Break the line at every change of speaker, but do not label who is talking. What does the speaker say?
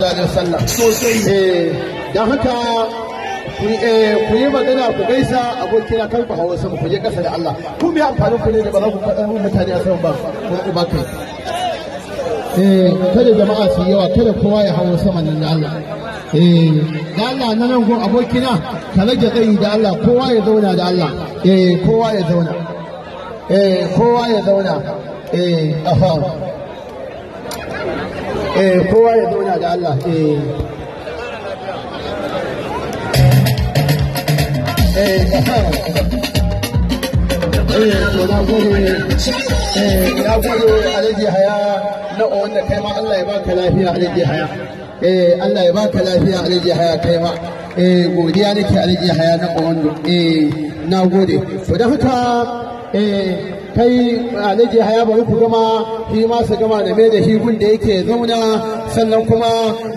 sosai eh, don haka eh, ku yi magana ku gaisa abokina kan ku hawa sama ku je kasa da Allah ku bi amfani ku ne da ba za ku faɗa mutane a sama ba ku ku ba kai eh, kada jama'a su yawa kada kowa ya hawa sama nan da Allah da Allah na nan gun abokina ka rage tsayi da Allah kowa ya zauna da Allah kowa ya zauna kowa ya zauna eh eh kowa ya zauna da Allah eh, eh, eh na gode eh. alaji haya na wanda kai ma Allah ya baka lafiya alaji haya Allah ya baka lafiya alaji haya kai ma eh godiya nake alhaji haya na kwanu eh na gode to da haka eh kai alhaji haya bari ku gama shi ma su gama da me da shi gun da yake zauna sannan kuma